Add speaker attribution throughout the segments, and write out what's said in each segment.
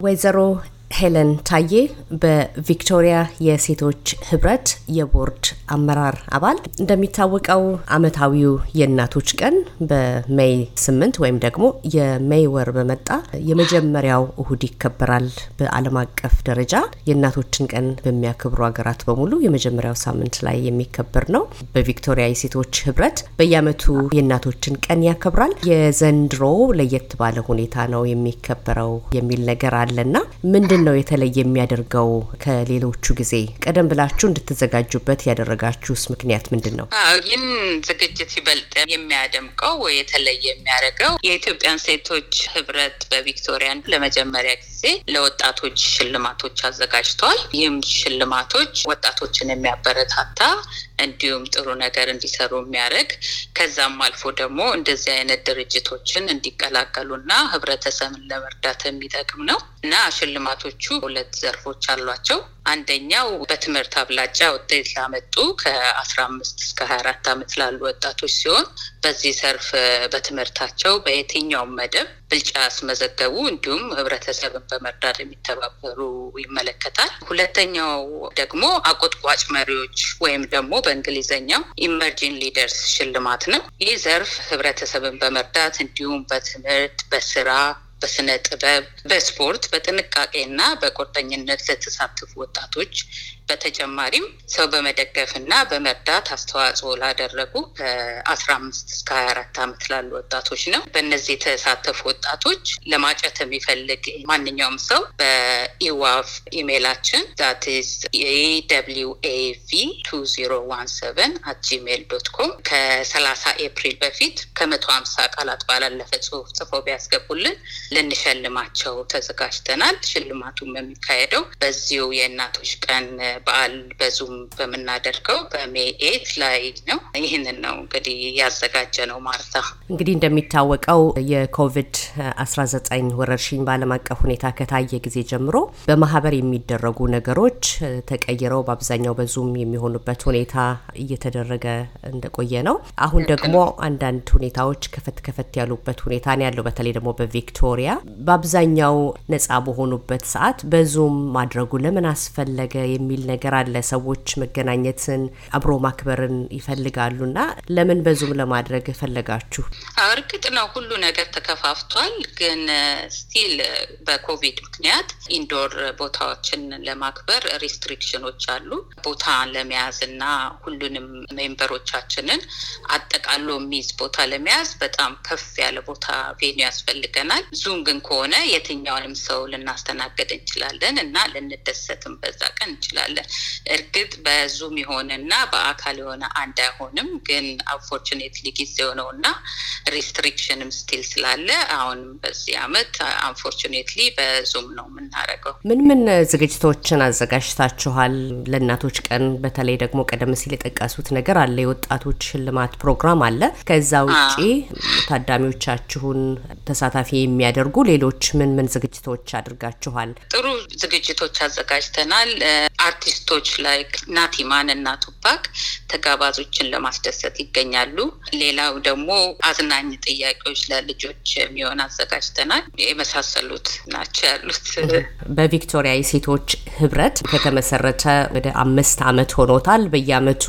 Speaker 1: Wesero ሄለን ታዬ በቪክቶሪያ የሴቶች ህብረት የቦርድ አመራር አባል። እንደሚታወቀው አመታዊው የእናቶች ቀን በሜይ ስምንት ወይም ደግሞ የሜይ ወር በመጣ የመጀመሪያው እሁድ ይከበራል። በዓለም አቀፍ ደረጃ የእናቶችን ቀን በሚያከብሩ ሀገራት በሙሉ የመጀመሪያው ሳምንት ላይ የሚከበር ነው። በቪክቶሪያ የሴቶች ህብረት በየአመቱ የእናቶችን ቀን ያከብራል። የዘንድሮ ለየት ባለ ሁኔታ ነው የሚከበረው የሚል ነገር አለና ምንድን ነው ነው የተለየ የሚያደርገው ከሌሎቹ ጊዜ? ቀደም ብላችሁ እንድትዘጋጁበት ያደረጋችሁስ ምክንያት ምንድን ነው?
Speaker 2: ይህን ዝግጅት ይበልጥ የሚያደምቀው የተለየ የሚያደርገው የኢትዮጵያን ሴቶች ህብረት በቪክቶሪያን ለመጀመሪያ ጊዜ ለወጣቶች ሽልማቶች አዘጋጅተዋል። ይህም ሽልማቶች ወጣቶችን የሚያበረታታ እንዲሁም ጥሩ ነገር እንዲሰሩ የሚያደርግ ከዛም አልፎ ደግሞ እንደዚህ አይነት ድርጅቶችን እንዲቀላቀሉና ህብረተሰብን ለመርዳት የሚጠቅም ነው። እና ሽልማቶቹ ሁለት ዘርፎች አሏቸው። አንደኛው በትምህርት አብላጫ ውጤት ላመጡ ከአስራ አምስት እስከ ሀያ አራት ዓመት ላሉ ወጣቶች ሲሆን በዚህ ዘርፍ በትምህርታቸው በየትኛውም መደብ ብልጫ ያስመዘገቡ እንዲሁም ህብረተሰብን በመርዳት የሚተባበሩ ይመለከታል። ሁለተኛው ደግሞ አቆጥቋጭ መሪዎች ወይም ደግሞ በእንግሊዝኛው ኢመርጂን ሊደርስ ሽልማት ነው። ይህ ዘርፍ ህብረተሰብን በመርዳት እንዲሁም በትምህርት በስራ በስነ ጥበብ፣ በስፖርት በጥንቃቄና በቁርጠኝነት ለተሳተፉ ወጣቶች በተጨማሪም ሰው በመደገፍ እና በመርዳት አስተዋጽኦ ላደረጉ ከአስራ አምስት እስከ ሀያ አራት ዓመት ላሉ ወጣቶች ነው። በእነዚህ የተሳተፉ ወጣቶች ለማጨት የሚፈልግ ማንኛውም ሰው በኢዋፍ ኢሜይላችን ዛትስ ኤደብሊው ኤቪ ቱ ዜሮ ዋን ሰቨን አት ጂሜል ዶት ኮም ከሰላሳ ኤፕሪል በፊት ከመቶ ሀምሳ ቃላት ባላለፈ ጽሁፍ ጽፎ ቢያስገቡልን ልንሸልማቸው ተዘጋጅተናል። ሽልማቱም የሚካሄደው በዚሁ የእናቶች ቀን በዓል በዙም በምናደርገው በሜኤት ላይ ነው። ይህንን ነው እንግዲህ
Speaker 1: ያዘጋጀ ነው። ማርታ እንግዲህ እንደሚታወቀው የኮቪድ 19 ወረርሽኝ በዓለም አቀፍ ሁኔታ ከታየ ጊዜ ጀምሮ በማህበር የሚደረጉ ነገሮች ተቀይረው በአብዛኛው በዙም የሚሆኑበት ሁኔታ እየተደረገ እንደቆየ ነው። አሁን ደግሞ አንዳንድ ሁኔታዎች ከፈት ከፈት ያሉበት ሁኔታ ነው ያለው። በተለይ ደግሞ በቪክቶሪያ በአብዛኛው ነጻ በሆኑበት ሰዓት በዙም ማድረጉ ለምን አስፈለገ የሚል የሚል ነገር አለ። ሰዎች መገናኘትን አብሮ ማክበርን ይፈልጋሉ ና ለምን በዙም ለማድረግ ፈለጋችሁ?
Speaker 2: እርግጥ ነው ሁሉ ነገር ተከፋፍቷል። ግን ስቲል በኮቪድ ምክንያት ኢንዶር ቦታዎችን ለማክበር ሪስትሪክሽኖች አሉ። ቦታ ለመያዝ እና ሁሉንም ሜምበሮቻችንን አጠቃሎ የሚይዝ ቦታ ለመያዝ በጣም ከፍ ያለ ቦታ ቬኒ ያስፈልገናል። ዙም ግን ከሆነ የትኛውንም ሰው ልናስተናገድ እንችላለን እና ልንደሰትም በዛ ቀን እንችላለን። አለ። እርግጥ በዙም የሆነና በአካል የሆነ አንድ አይሆንም። ግን አንፎርችኔትሊ ጊዜ ነው እና ሪስትሪክሽንም ስቲል ስላለ አሁንም በዚህ አመት አንፎርችኔትሊ በዙም ነው የምናደርገው።
Speaker 1: ምን ምን ዝግጅቶችን አዘጋጅታችኋል? ለእናቶች ቀን በተለይ ደግሞ ቀደም ሲል የጠቀሱት ነገር አለ፣ የወጣቶች ሽልማት ፕሮግራም አለ። ከዛ ውጪ ታዳሚዎቻችሁን ተሳታፊ የሚያደርጉ ሌሎች ምን ምን ዝግጅቶች አድርጋችኋል?
Speaker 2: ጥሩ ዝግጅቶች አዘጋጅተናል። አርቲስቶች ላይክ ናቲማን እና ቱፓክ ተጋባዞችን ለማስደሰት ይገኛሉ። ሌላው ደግሞ አዝናኝ ጥያቄዎች ለልጆች የሚሆን አዘጋጅተናል። የመሳሰሉት ናቸው ያሉት።
Speaker 1: በቪክቶሪያ የሴቶች ህብረት ከተመሰረተ ወደ አምስት አመት ሆኖታል። በየአመቱ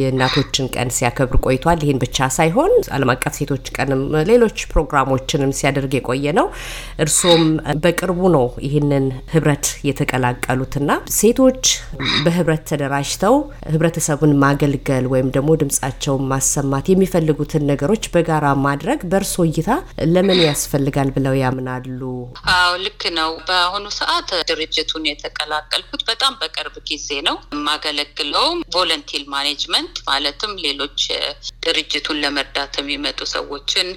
Speaker 1: የእናቶችን ቀን ሲያከብር ቆይቷል። ይህን ብቻ ሳይሆን ዓለም አቀፍ ሴቶች ቀንም ሌሎች ፕሮግራሞችንም ሲያደርግ የቆየ ነው። እርሶም በቅርቡ ነው ይህንን ህብረት የተቀላቀሉትና ሴቶች በህብረት ተደራጅተው ህብረተሰቡን ማገልገል ወይም ደግሞ ድምጻቸውን ማሰማት የሚፈልጉትን ነገሮች በጋራ ማድረግ በእርሶ እይታ ለምን ያስፈልጋል ብለው ያምናሉ?
Speaker 2: አዎ ልክ ነው። በአሁኑ ሰዓት ድርጅቱን የተቀላቀልኩት በጣም በቅርብ ጊዜ ነው። የማገለግለውም ቮለንቲል ማኔጅመንት ማለትም ሌሎች ድርጅቱን ለመርዳት የሚመጡ ሰዎችን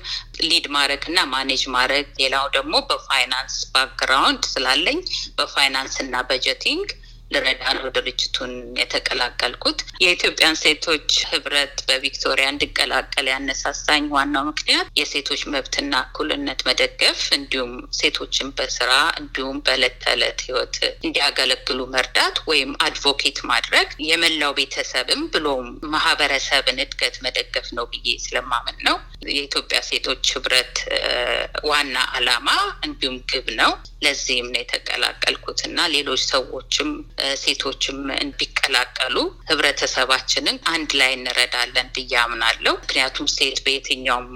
Speaker 2: ሊድ ማድረግ እና ማኔጅ ማድረግ ሌላው ደግሞ በፋይናንስ ባክግራውንድ ስላለኝ በፋይናንስ እና በጀቲንግ ልረዳ ድርጅቱን የተቀላቀልኩት። የኢትዮጵያን ሴቶች ህብረት በቪክቶሪያ እንድቀላቀል ያነሳሳኝ ዋናው ምክንያት የሴቶች መብትና እኩልነት መደገፍ እንዲሁም ሴቶችን በስራ እንዲሁም በዕለት ተዕለት ህይወት እንዲያገለግሉ መርዳት ወይም አድቮኬት ማድረግ የመላው ቤተሰብም ብሎም ማህበረሰብን እድገት መደገፍ ነው ብዬ ስለማምን ነው። የኢትዮጵያ ሴቶች ህብረት ዋና አላማ እንዲሁም ግብ ነው። ለዚህም ነው የተቀላቀልኩት እና ሌሎች ሰዎችም ሴቶችም እንዲቀላቀሉ ህብረተሰባችንን አንድ ላይ እንረዳለን ብያምናለው። አምናለሁ። ምክንያቱም ሴት በየትኛውም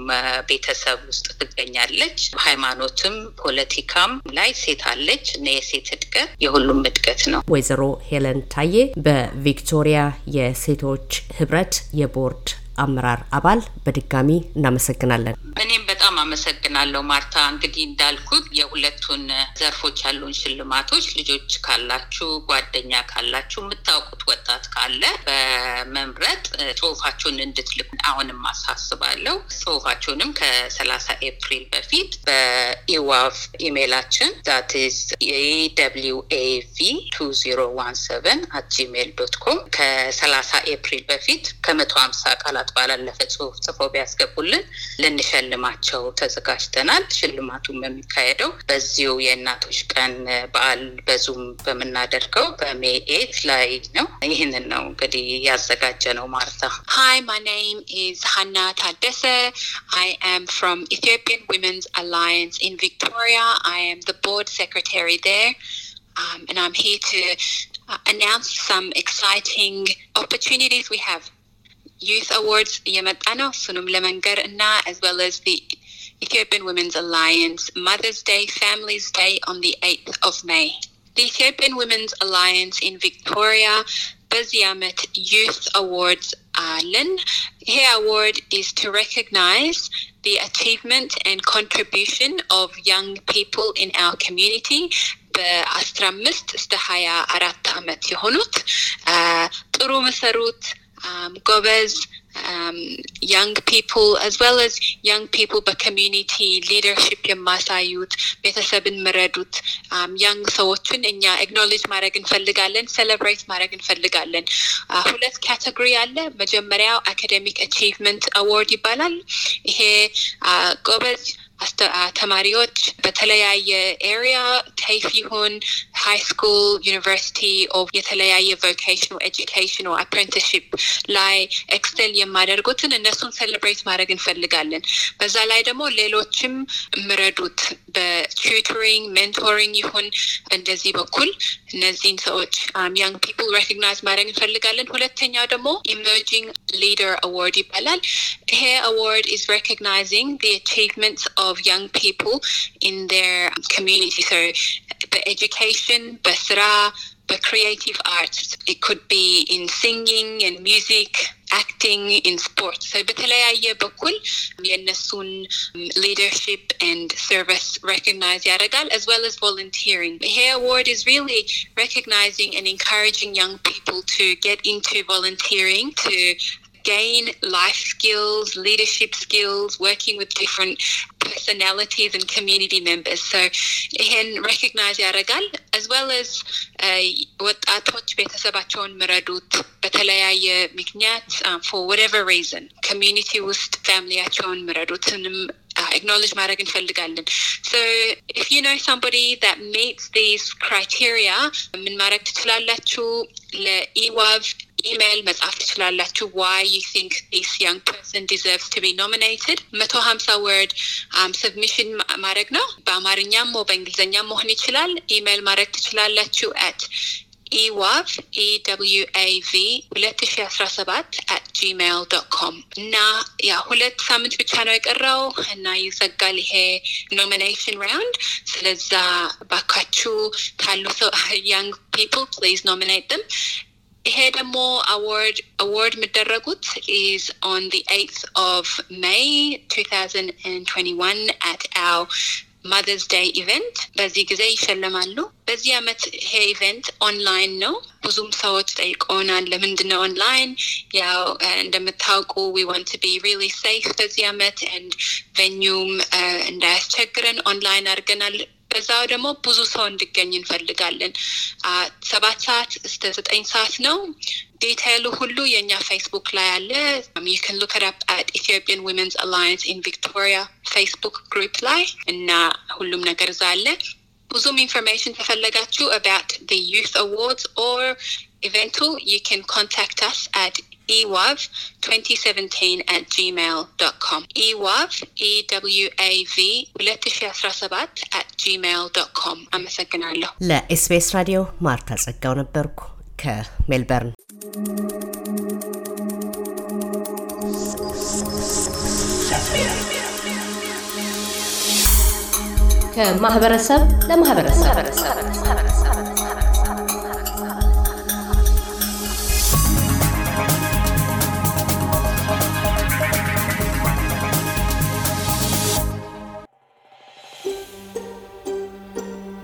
Speaker 2: ቤተሰብ ውስጥ ትገኛለች። ሃይማኖትም ፖለቲካም ላይ ሴት አለች እና የሴት እድገት የሁሉም እድገት ነው።
Speaker 1: ወይዘሮ ሄለን ታዬ በቪክቶሪያ የሴቶች ህብረት የቦርድ አመራር አባል፣ በድጋሚ እናመሰግናለን።
Speaker 2: እኔም አመሰግናለሁ ማርታ። እንግዲህ እንዳልኩት የሁለቱን ዘርፎች ያሉን ሽልማቶች ልጆች ካላችሁ፣ ጓደኛ ካላችሁ፣ የምታውቁት ወጣት ካለ በመምረጥ ጽሁፋችሁን እንድትልኩ አሁንም አሳስባለሁ። ጽሁፋችሁንም ከሰላሳ ኤፕሪል በፊት በኢዋፍ ኢሜይላችን ዛትስ ኤኤቪ ኤቪ ቱ ዜሮ ዋን ሰቨን አት ጂሜይል ዶት ኮም ከሰላሳ ኤፕሪል በፊት ከመቶ ሀምሳ ቃላት ባላለፈ ጽሁፍ ጽፎ ቢያስገቡልን ልንሸልማቸው ተዘጋጅተናል። ሽልማቱም የሚካሄደው በዚሁ የእናቶች ቀን በዓል በዙም በምናደርገው በሜ ኤት ላይ ነው። ይህንን ነው እንግዲህ ያዘጋጀ ነው ማርታ።
Speaker 3: ሃይ ማይ ኔም ኢዝ ሃና ታደሰ አይ አም ፍሮም ኢትዮጵያን ዊመንስ አላይንስ ኢን ቪክቶሪያ አይ አም ዘ ቦርድ ሴክሬታሪ ዜር Um, and I'm here to uh, announce some exciting opportunities we have. Youth Awards የመጣ ነው እሱንም ለመንገር እና as well as the Ethiopian Women's Alliance Mother's Day Families Day on the 8th of May. The Ethiopian Women's Alliance in Victoria Baziamet Youth Awards Ireland. Her award is to recognise the achievement and contribution of young people in our community በአስራ um, young people as well as young people but community leadership in Maasai youth, Betasabin Maradut, um, young so Tuninya, acknowledge Maragan Fellegalin, celebrate Maragan Fellegalin. Uh, Hulet category Alle, Majamaria Academic Achievement Award Ibalal, he uh, Gobert. አስተማሪዎች uh, በተለያየ ኤሪያ ተይፍ ይሁን high school, university or የተለያየ vocational education or apprenticeship ላይ ኤክስቴል የማደርጉትን እነሱን ሴሌብሬት ማድረግ እንፈልጋለን። በዛ ላይ ደግሞ ሌሎችም የምረዱት በቱቶሪንግ ሜንቶሪንግ ይሁን እንደዚህ በኩል እነዚህን ሰዎች ያንግ ፒፕል ሬኮግናይዝ ማድረግ እንፈልጋለን። ሁለተኛው ደግሞ ኢመርጂንግ ሊደር አዋርድ ይባላል። ይሄ አዋርድ ኢዝ ሬኮግናይዚንግ the achievements of young people in their community. So but education, basra, but creative arts. It could be in singing and music, acting, in sports. So በተለያየ በኩል የእነሱን leadership and service recognize yaragal, as well as volunteering. ይሄ award is really recognizing and encouraging young people to get into volunteering to gain life skills, leadership skills, working with different personalities and community members. So ይሄን ሬኮግናይዝ ያደርጋል as well as uh, ወጣቶች ቤተሰባቸውን ምረዱት በተለያየ ምክንያት um, for whatever reason ኮሚዩኒቲ ውስጥ ፋሚሊያቸውን ምረዱትንም uh, acknowledge ማድረግ እንፈልጋለን so if you know somebody that meets these criteria ምን ማድረግ ትችላላችሁ ለኢዋቭ ኢሜይል መጻፍ ትችላላችሁ። ዋይ ዩ ቲንክ ዲስ ያንግ ፐርሰን ዲዘርቭስ ቱ ቢ ኖሚኔትድ መቶ ሀምሳ ወርድ ሰብሚሽን ማድረግ ነው። በአማርኛም በእንግሊዝኛ መሆን ይችላል። ኢሜይል ማድረግ ትችላላችሁ አት ኢዋቭ ኢደብሊውኤቪ ሁለት ሺ አስራ ሰባት አት ጂሜይል ዶት ኮም እና ያ ሁለት ሳምንት ብቻ ነው የቀረው እና ይዘጋል ይሄ ኖሚኔሽን ራውንድ። ስለዛ ባካችሁ ካሉ ሰው ያንግ ፒፕል ፕሊዝ ኖሚኔት ም ይሄ ደግሞ አዋርድ አዋርድ የሚደረጉት ኢዝ ኦን ዲ ኤይት ኦፍ ሜይ 2021 አት አው ማዘርስ ዴይ ኢቨንት በዚህ ጊዜ ይሸለማሉ። በዚህ አመት ይሄ ኢቨንት ኦንላይን ነው። ብዙም ሰዎች ጠይቀውናል፣ ለምንድን ነው ኦንላይን? ያው እንደምታውቁ ዊ ዋንት ቢ ሪሊ ሴፍ በዚህ አመት ቬኒውም እንዳያስቸግረን ኦንላይን አድርገናል። በዛ ደግሞ ብዙ ሰው እንድገኝ እንፈልጋለን። ሰባት ሰዓት እስከ ዘጠኝ ሰዓት ነው። ዲቴይሉ ሁሉ የእኛ ፌስቡክ ላይ አለ። ዩን ሉክ አፕ አት ኢትዮጵያን ዊመንስ አላያንስ ኢን ቪክቶሪያ ፌስቡክ ግሩፕ ላይ እና ሁሉም ነገር እዛ አለ። ብዙም ኢንፎርሜሽን ተፈለጋችሁ አባት ዩት አዋርድስ ኦር ኢቨንቱ ዩ ካን ኮንታክት አስ አት ewav 2017 at gmail.com ewav ewav 2017 at gmail.com I'm a አመሰግናለሁ።
Speaker 1: ለኤስቢኤስ ራዲዮ ማርታ ጸጋው ነበርኩ ከሜልበርን።
Speaker 2: ከማህበረሰብ ለማህበረሰብ